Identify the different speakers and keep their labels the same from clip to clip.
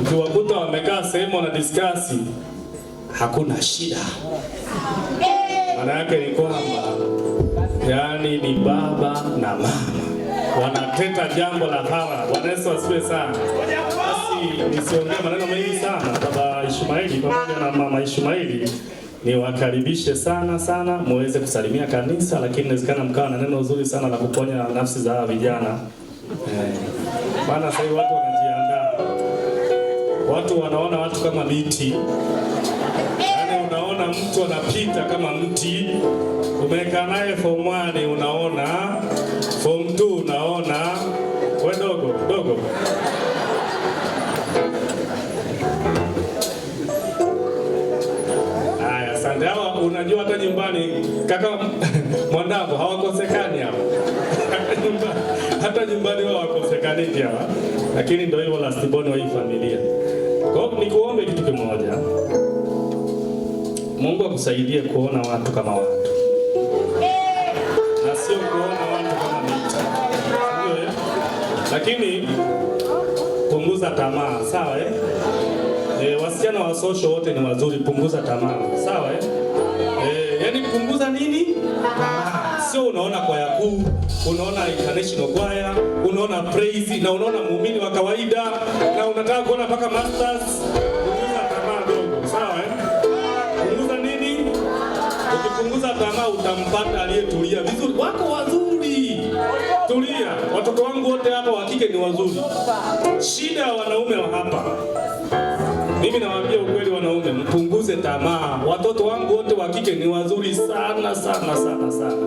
Speaker 1: ukiwakuta wamekaa sehemu wana discuss, hakuna shida. Maana yake ni kwamba yani ni baba na mama wanateta jambo la hawa. Bwana Yesu asifiwe sana. Basi nisiongee maneno mengi sana. Baba Ishmaeli pamoja na mama Ishmaeli niwakaribishe sana sana, muweze kusalimia kanisa, lakini inawezekana mkawa na neno zuri sana la kuponya nafsi za vijana eh, maana sasa watu watu wanaona watu kama miti yaani, unaona mtu anapita kama mti, umekaa naye form 1 unaona, form 2 unaona, we dogo dogo Hawa unajua hata nyumbani kaka Mwandambo hawakosekani hawa hata nyumbani wao hawakosekani pia, lakini ndio hivyo lastiboni wa hii familia. Kwa hiyo nikuombe kitu kimoja, Mungu akusaidie kuona watu kama watu na sio kuona watu kama mita, eh? lakini punguza tamaa, sawa eh? Eh, wasichana wa sosho wote ni wazuri, punguza tamaa, sawa eh? Eh, yani punguza nini tamaa sio unaona kwaya kuu, unaona international choir, unaona praise na unaona muumini wa kawaida na unataka kuona mpaka masters. Punguza tamaa dogo, sawa eh? Punguza nini? Ukipunguza tamaa utampata aliyetulia vizuri. Wako wazuri, tulia. Watoto wangu wote hapa wa kike ni wazuri, shida ya wanaume wa hapa mimi nawaambia ukweli, wanaume mpunguze tamaa. Watoto wangu wote wa kike ni wazuri sana sana sana sana.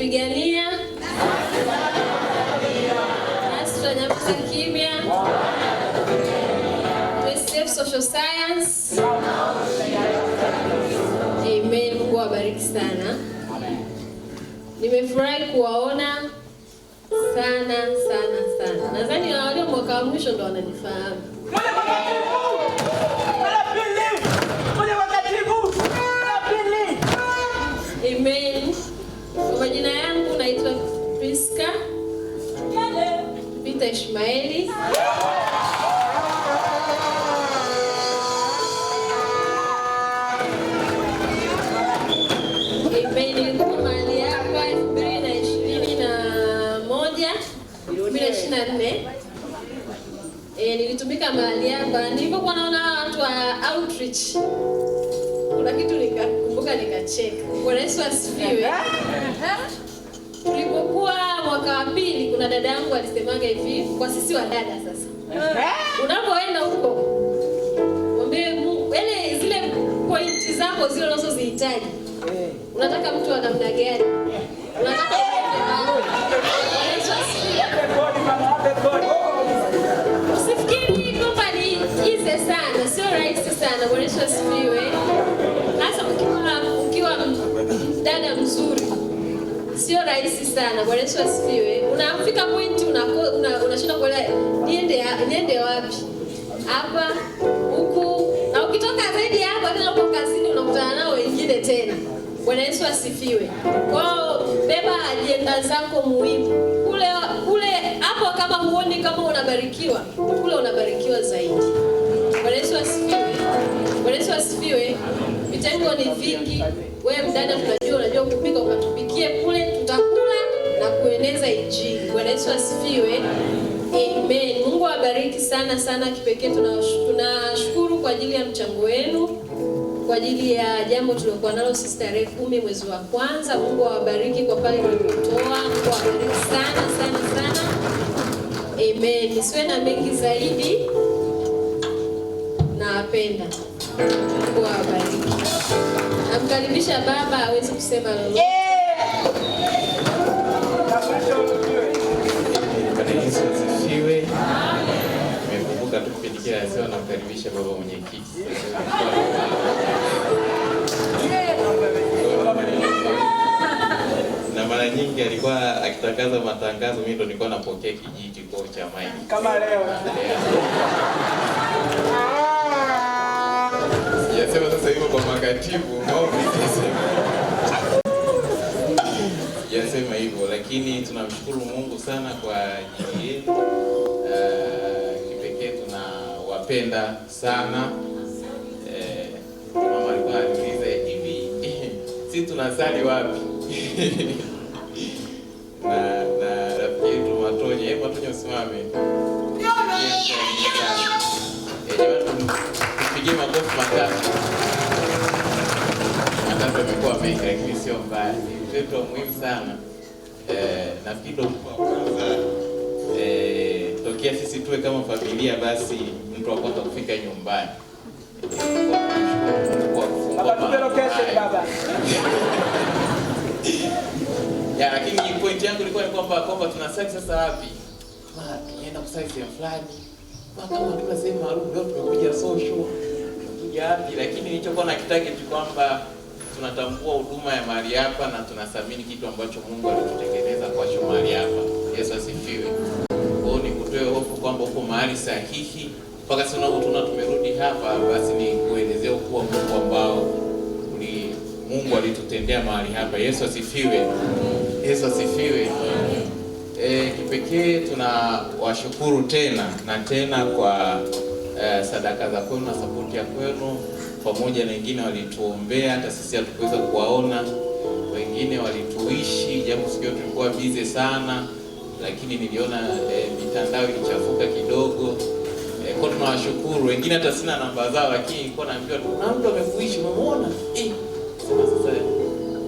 Speaker 2: kupigania nasi, wabariki sana. Nimefurahi kuwaona sana sana sana. Nadhani awalio mwaka wa mwisho ndo wananifahamu. Amen majina yangu naitwa Priska Vita Ishmaeli. Nilikuwa mahali hapa elfu mbili na ishirini na moja elfu mbili na ishirini na nne e, nilitumika mahali hapa, nilipokuwa naona watu wa outreach kuna kitu nika nikakumbuka nikacheka. Bwana Yesu asifiwe. Ah. Tulipokuwa mwaka wa pili, kuna dada yangu alisemaga hivi kwa sisi wa dada sasa, ah. unapoenda huko mwambie Mungu, yaani zile pointi zako zile unazozihitaji, eh. unataka mtu wa namna gani? Unataka usifikiri kwamba ni ize sana, sio rahisi sana. Bwana Yesu asifiwe dada mzuri sio rahisi sana. Bwana Yesu asifiwe. Unafika pointi unashinda una, una kuelewa niende, niende wapi hapa huku, na ukitoka zaidi ya hapo tena uko kazini unakutana nao wengine tena. Bwana Yesu asifiwe. Kwao beba ajenda zako muhimu kule kule, hapo kama huoni kama unabarikiwa kule, unabarikiwa zaidi. Bwana Yesu asifiwe. Bwana Yesu asifiwe. Vitengo ni vingi, wewe mdada utajua kupika ukatupikie kule, tutakula na kueneza Injili. Bwana Yesu asifiwe. Amen. Mungu awabariki sana sana. Kipekee tunashukuru kwa ajili ya mchango wenu kwa ajili ya jambo tuliokuwa nalo sisi tarehe kumi mwezi wa kwanza. Mungu awabariki kwa pale mlipotoa. Mungu awabariki sana sana sana. Amen. Nisiwe na mengi zaidi, nawapenda. Mungu awabariki. Amkaribisha baba hawezi kusema lolote.
Speaker 3: Nimekumbuka tu kipindi kile namkaribisha baba mwenyekiti. Na mara nyingi alikuwa akitangaza matangazo, mimi ndo nilikuwa napokea kijiji kwa cha maji. Kama leo sijasema sasa hivyo kwa makatibu sijasema hivyo, lakini tunamshukuru Mungu sana kwa ajili yetu. Uh, kipekee tunawapenda sana eh, mama alikuwa anauliza hivi si tunasali wapi? na na rafiki yetu Matonye, Matonye usimame tupigie makofi matatu alikuwa ameweka, lakini sio mbaya. Ni mtoto muhimu sana eh, nafikiri ndo mtu wa kwanza eh, tokea sisi tuwe kama familia, basi mtu wa kwanza kufika nyumbani eh, ya, lakini point yangu ilikuwa ni kwamba kwamba tuna sasa sasa wapi, tunaenda kusali sehemu fulani kama tuna sehemu maalum, ndio tumekuja social, tumekuja wapi, lakini nilichokuwa nakitaka ni kwamba tunatambua huduma ya mahali hapa na tunathamini kitu ambacho Mungu alikutengeneza kwacho mahali hapa. Yesu asifiwe. Kwao ni kutoe hofu kwamba uko mahali sahihi, mpaka sasa tunaona tumerudi hapa, basi ni kuelezea kuwa Mungu ambao ni Mungu alitutendea mahali hapa. Yesu asifiwe. Yesu asifiwe. E, kipekee tunawashukuru tena na tena kwa e, sadaka za kwenu na sapoti ya kwenu pamoja na wengine walituombea, hata sisi hatukuweza kuwaona, wengine walituishi, japo sijua tulikuwa bize sana, lakini niliona e, mitandao ilichafuka kidogo e, kwa tunawashukuru wengine, hata sina namba zao, lakini nilikuwa naambiwa na mtu amekuishi, umemuona eh. Sasa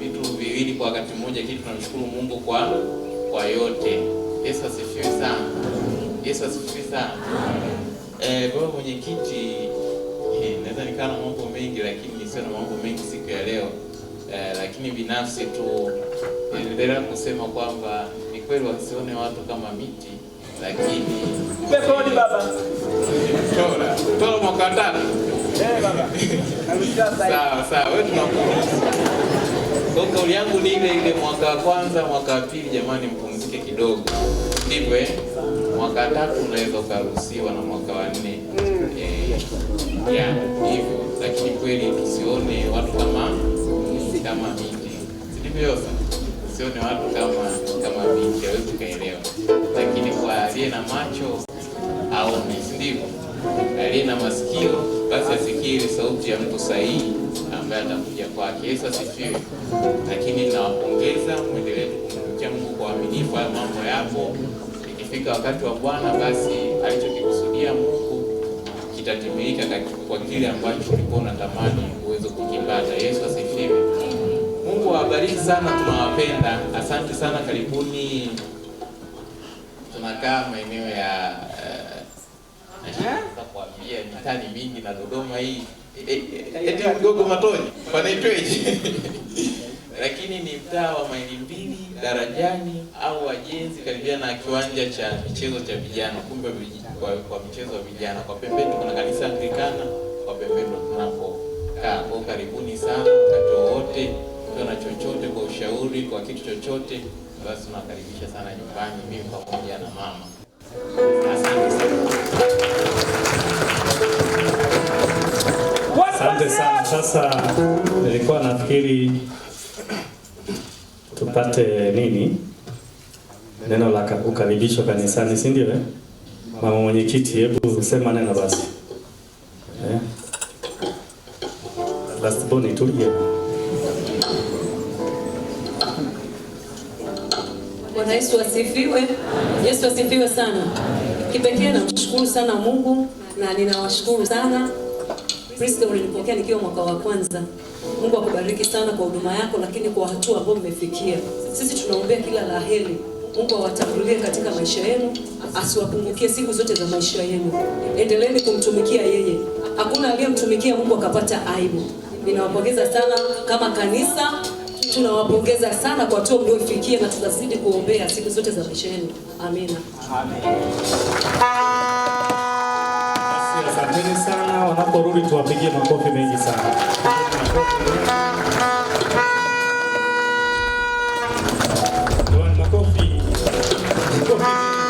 Speaker 3: vitu viwili kwa wakati mmoja, kitu tunamshukuru Mungu kwa kwa yote. Yesu asifiwe sana, Yesu asifiwe sana. Eh, baba mwenyekiti naweza nikawa na mambo mengi, lakini nisio na mambo mengi siku ya leo eh, lakini binafsi tu endelea kusema kwamba ni kweli wasione watu kama miti, lakini
Speaker 4: peponi baba tola tola mwaka tatu eh baba
Speaker 3: sawa sawa, wewe tunakuona kwa kauli yangu ni ile ile, mwaka wa kwanza, mwaka wa pili, jamani, mpumzike kidogo, ndivyo eh mwaka wa tatu unaweza ukaruhusiwa na mwaka wa nne mm. eh, hivyo, lakini kweli tusione watu kama kama miti silivyosa, sione watu kama kama miti, hawezi ukaelewa, lakini kwa aliye na macho aone, sindivyo Aliye na masikio basi asikie ile sauti ya mtu sahihi ambaye atakuja kwake. Yesu asifiwe. Lakini nawapongeza, mwendelee kumtumikia Mungu kwa uaminifu. Haya mambo yapo Ukifika wakati wa Bwana, basi alichokikusudia Mungu kitatimika kwa kile ambacho ulikuwa tamani uweze kukipata. Yesu asifiwe. Mungu awabariki sana, tunawapenda. Asante sana, karibuni. Tunakaa maeneo ya eh, eh? kuambia mitani mingi na Dodoma hii eh, eti mgogo matoni panaitweji lakini ni mtaa wa maili mbili Darajani au Wajenzi, karibia na kiwanja cha michezo cha vijana, kumbe kwa, kwa mchezo wa vijana. Kwa pembeni kuna kanisa Anglikana, kwa pembeni tunapokaa kwa. Karibuni sana wakati wowote, ukiwa na chochote, kwa ushauri, kwa kitu chochote, basi tunakaribisha sana nyumbani, mimi pamoja na mama. Asante sana.
Speaker 1: Asante sana. Sasa nilikuwa nafikiri apate nini neno la ukaribisho kanisani, si ndio? Eh? Mama mwenyekiti, hebu sema neno basi eh? Last boni tulia.
Speaker 2: Bwana Yesu asifiwe. Yesu asifiwe sana. Kipekee namshukuru sana Mungu na ninawashukuru sana Kristo, ulinipokea nikiwa mwaka wa kwanza Mungu akubariki sana kwa huduma yako, lakini kwa hatua ambayo mmefikia, sisi tunaombea kila la heri. Mungu awatangulie katika maisha yenu, asiwapungukie siku zote za maisha yenu. Endeleeni kumtumikia yeye, hakuna aliyemtumikia Mungu akapata aibu. Ninawapongeza sana kama kanisa, tunawapongeza sana kwa hatua mliofikia, na tutazidi kuombea siku zote za maisha yenu. Amina, amen.
Speaker 1: Asanteni sana, wanaporudi tuwapigie makofi mengi sana. Makofi. Makofi.